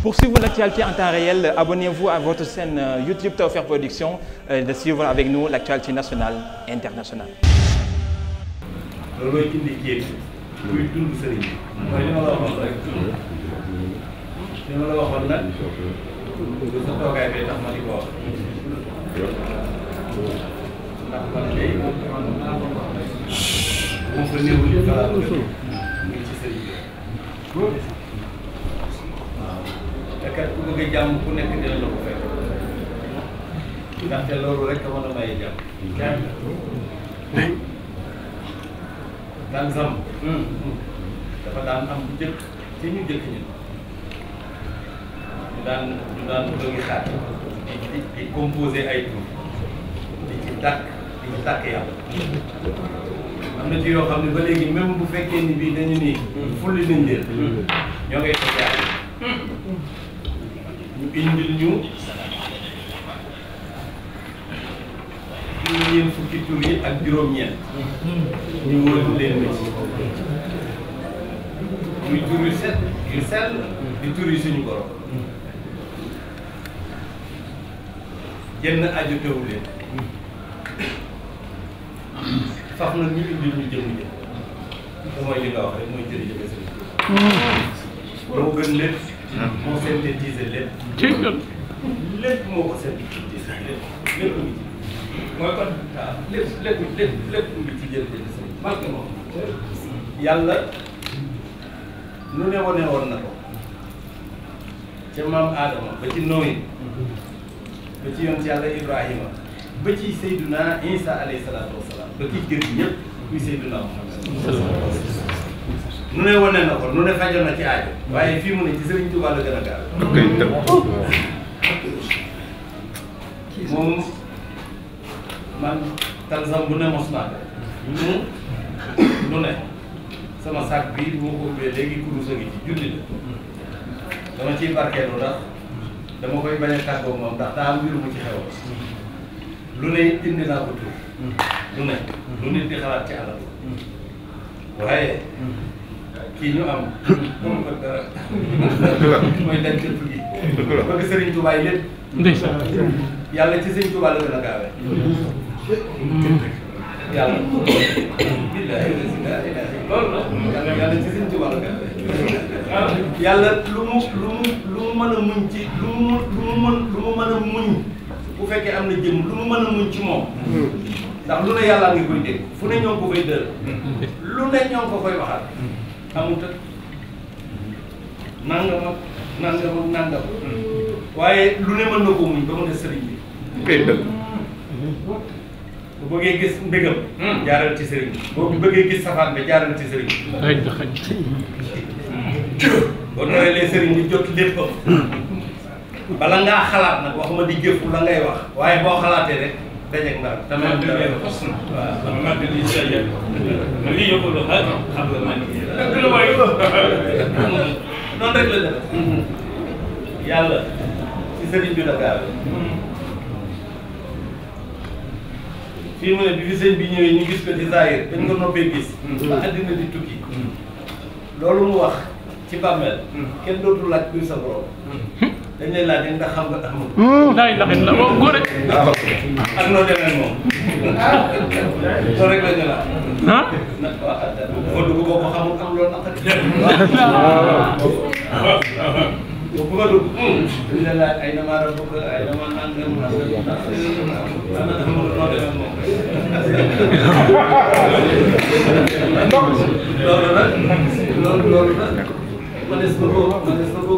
Pour suivre l'actualité en temps réel, abonnez-vous à votre chaîne euh, YouTube Tawfekh Production euh, et suivre avec nous l'actualité nationale internationale. ci sëriñ bi bëgg a jàmm ku nekk dina la ko fekk ndaxte loolu rek a mën a maye jàmm. daan sàmm. Hmm. dafa daan am bu jëkk ci ñu jëkk ñi ñu daan ñu daan bëgg xaar di di composé ay tur di ci tàkk di ci am ne ba léegi même bu fekkee ni ni hmm. fulli nañ leen. Hmm. ñu indil ñu juróom-ñeent fukki tur yi ak juróom-ñeent ñu wóolu leen na ci muy tur yu set yu sell di tur yi suñu borom jënn aju tewu leen fax na ñu indil ñu jëmu jëm te mooy li nga wax rek mooy jërëjëf sëñ boo gën lépp moo synthétiser lépp. jéggal lépp moo ko synthétiser lépp lépp mu ngi ci mooy kon lépp lépp lépp lépp mu ngi ci jërëjëf sëñ marke moom yàlla nu ne wane woon na ko ca maam Adama ba ci Nooyi ba ci yoon ci yàlla Ibrahima ba ci Seyduna Isa alayhi salaatu wasalaam ba ci gër ñëpp kuy Seyduna Muhammad nu ne wane na ko na ci aajo waaye fii mu ne ci Serigne Touba la a gaaw man talsam bu ne mos naa ko nu ne sama sac bi bu ma ko ubbee léegi kurus a ngi ci junni la dama ciy barkeelu ndax dama koy bañ a tàggoo moom ndax daa am mbir mu ci xew lu ne indi naa ko tur mm. lu ne lu kii ñu am. moom ko dara. mooy daj dëpp gi. dëgg la bëgg Serigne Touba yi lépp. ndeysaan yàlla ci Serigne Touba la gën a gaawee. yàlla. billahi loolu la. yàlla yàlla ci Serigne Touba la gaawee. yàlla lu mu lu mu lu mu mën a muñ ci lu mu lu mu mën lu mu mën a muñ bu fekkee am na jëm lu mu mën a muñ ci moom. Hmm. ndax lu ne yàlla ngi koy dégg fu ne ñoo ngi ko koy dër. Hmm. lu ne ñoo ngi ko koy waxal. amut ak nangam ak nangam ak nangam waaye lu ne mën na ko muñ ba mu ne sëriñ bi. kay bu bëggee gis mbégam. jaaral ci sëriñ bi. boo bëggee gis safaan bi jaaral ci sëriñ bi. xëy na xëy na. boo noyyi lee sëriñ bi jot léppam. di jëf la ngay wax waaye boo xalaatee rek. dajeeg ndaw te man dëgg la fas na. waaw man man lii sa yëg. man lii yëpp la xam nga man. dëgg la waaye noonu rek la bi la gaal. fii mu ne gis ko ci zaahir dañ ko noppee gis. ba àddina di tukki. loolu mu wax ci laaj kuy sa borom. dañ lay laaj nga xam nga amul. laay hmm. laxin la moom góor rek. waaw ah, ak noo demee moom. loolu rek la ñu laaj. ah. ah, ah. boo dugg boo ko xamul am loolu naka. waaw bu ma dugg. dañ lay laaj ay damaa la bëgg ay damaa naan dem naa loolu la loolu loolu la. ma des ko ma des ko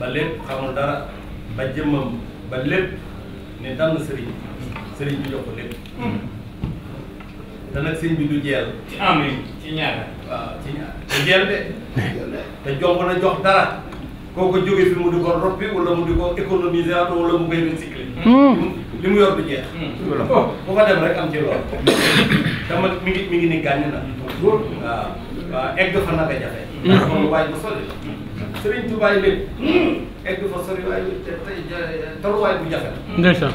ba lépp xamul dara ba jëmmam ba lépp ne dal na sëriñ sëriñ ko lépp hmm. te nag sëriñ du jeel ci amin ci ñaar jeel de te jomb na jox dara koo ko jóge fi mu di ko roppi wala mu di ko économiser wala mu koy recycler hmm. li mu yor du jeex hmm. oh, bu fa dem am ci lool mi ngi mi ngi ni gàññ na waaw waaw egg fa naka jafe soli Serigne Touba yi lépp. egg fa soriwaay bi te tey tolluwaay bu jafe la. ndeysaan.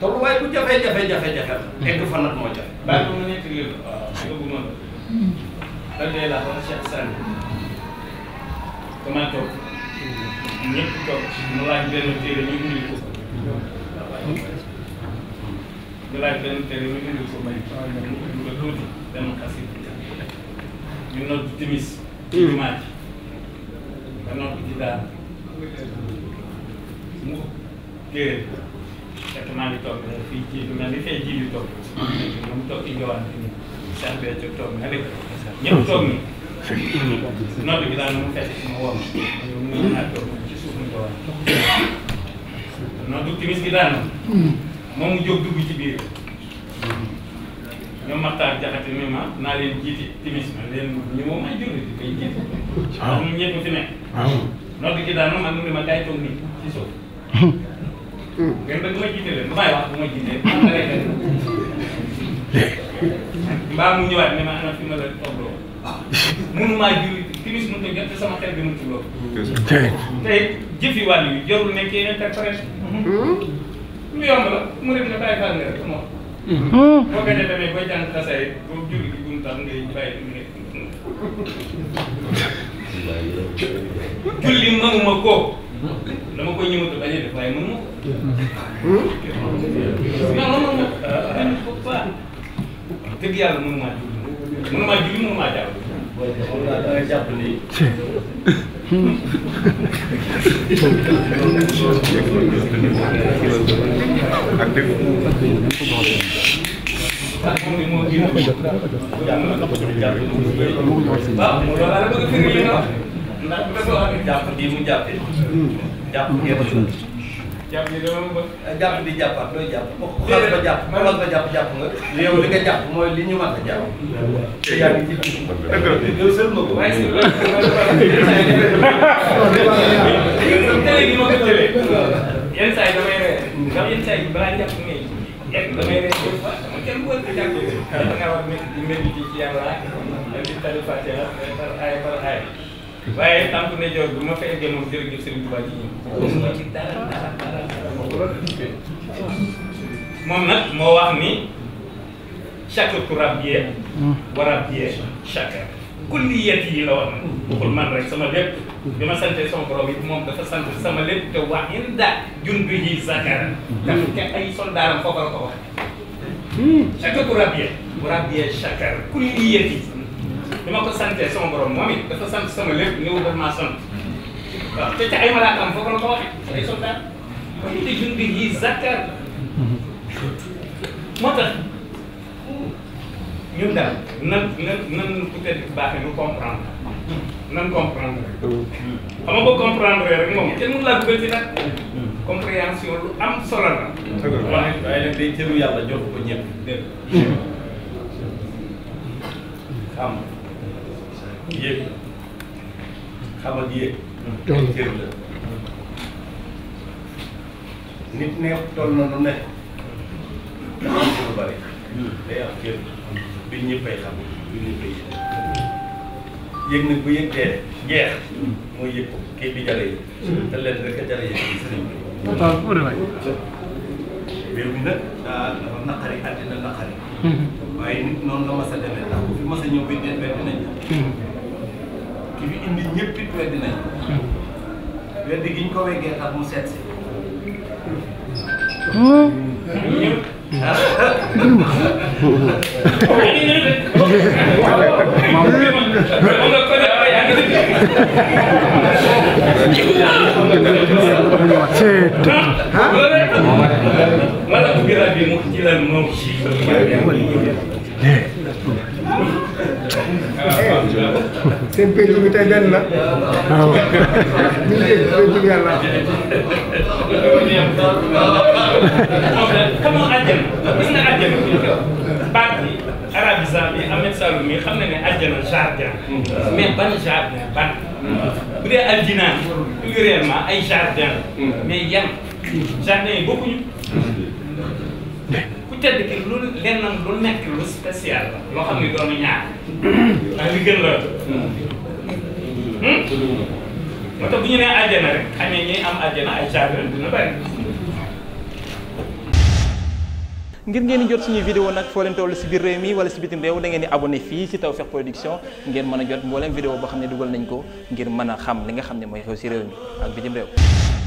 tolluwaay bu jafe jafe jafe jafe la. Mm-hmm. egg fa nag moo jafe. bàyyi ko ma nekk lii ah, la waaw dëgg noonu. lan lay laaj wax Cheikh Sane. comment toog. ñëpp toog mu laaj benn téere ñu indi ko. ñu laaj benn téere ñu indi ko bay. ñu ko tuuti benn xasit. ñu nodd timis. ci mm-hmm. jumaa ji. ba noppi eh, di daal mu téye fekk maa ngi toog fii ji lu mel ni fee ji li toog moom toog indiwaan fi nii Cheikh Béthio toog na rek ñëpp toog ni nodd bi daal mu fekk si ma woon mu ñu naa toog ci suuf mu indiwaan nodd timis gi daal moom mu jóg dugg ci biir ñoom Maxtaar Jaxate ma naa leen jiiti timis ma leen ñu moom ay jullit di koy jiiti. waaw ah. ndax ñun ñëpp fi nekk. Ah. mu ne ma kaay ma jiite ma jiitee man lay def. mbaa mu ñëwaat ne ma ana fi ma la toogloo. mënumaa timis mënut a jot te sama xel bi mënut lool. tey jëfi wàll yi jarul nekkee interprète. Hmm? lu yomb la mu dem ne bàyyi fàll nga rek boo gën a demee booy jàng tasaare boobu julli gi bu mu tax ngay bàyyi mu nekk. julli mënuma ko. dama koy ñëwatu bañ a def waaye mënuma ko. non non non. dëgg yàlla mënumaa julli mënumaa julli mënumaa jàll. mooy xam naa da jàpp ni dama mën. Eh, jàpp di jàppaat looy jàpp. xas ba jàpp xas ba jàpp jàpp nga. yow li nga jàpp mooy li ñu mën a jàpp. te yaa ngi ci yow sël ma ko. waaye si loolu. yenn saa yi damay reer. ndax yenn saa yi balaa jàpp ne yegg damay reer des fois dama kenn bu wër jàpp. da nga war mel ni mel ni ci yàlla. di tali fàtte la par ay par ay. waaye tànk ne joor bi ma fa eggee moom jërëjëf Serigne Touba ci ñoom. moom ci dara dara dara moom nag moo wax ni chakrtu rabbiya hmm. wa rabbiya chakr kulliyat yi la wax na waxul man rek sama lépp bi ma sante sama borom yi moom dafa sant sama lépp te wax in da jun bi yi zakara daf te ay soldaaram foofu la ko wax hmm. chakrtu rabbiya wa rabbiya chakr yi bi ma ko santee sama borom moom it dafa sant sama lépp ñëw daf maa sant waaw te ca ay malaakaam foofu la ko waxee ay soldat kon it jun bi yii zakkar la moo tax ñun daal nan nan nan peut-être baaxee nu comprendre nan comprendre rek xam nga boo comprendre rek moom kenn mënu laa dugal ci nag compréhension lu am solo la waaye waaye nag day cëru yàlla jox ko ñëpp dégg yéeg xam ak yéeg ay cër la nit ne toll na nu ne dafa am lu bari day am cër bi ñëppay xam bi ñëppay yëg nag bu yëg dee jeex mooy yëg ko kii bi jale yi te leen rek a jale yëg bi sëriñ bi réew mi nag daa dafa naqari àddina naqari hmm. waaye nit noonu la mas a demee ndax bu fi mas a ñëw bi dee benn nañ ci fi indi ñëpp it weddi nañ hmm. weddi gi ñu ko weggee tax mu seet si hmm. Hmm. seen pénc bi tey benn la. waaw. ñu ngi dégg pénc bi yàlla. xam nga àjjana gis nga àjjana baat bi arabisant bi Ahmed Saloum mi xam na ne àjjana jardin mais ban jardin ban. bu dee aljinaan pluriellement ay jardin hmm. mais yan jardin yi bokkuñu. tedd ki lu lennam lu nekk lu spécial la loo xam ne doomu ñaar hmm? moo tax bu ñu nee àjjana rek xamee ñuy am àjjana ay caabiram dina bari ngir ngeen di jot suñuy vidéo nag foo leen toll si biir réew mi wala si bitim réew da ngeen di abonné fii si Tawfekh Production ngeen mën a jot mbooleem vidéo boo xam ne dugal nañ ko ngir mën a xam li nga xam ne mooy xew si réew mi ak bitim réew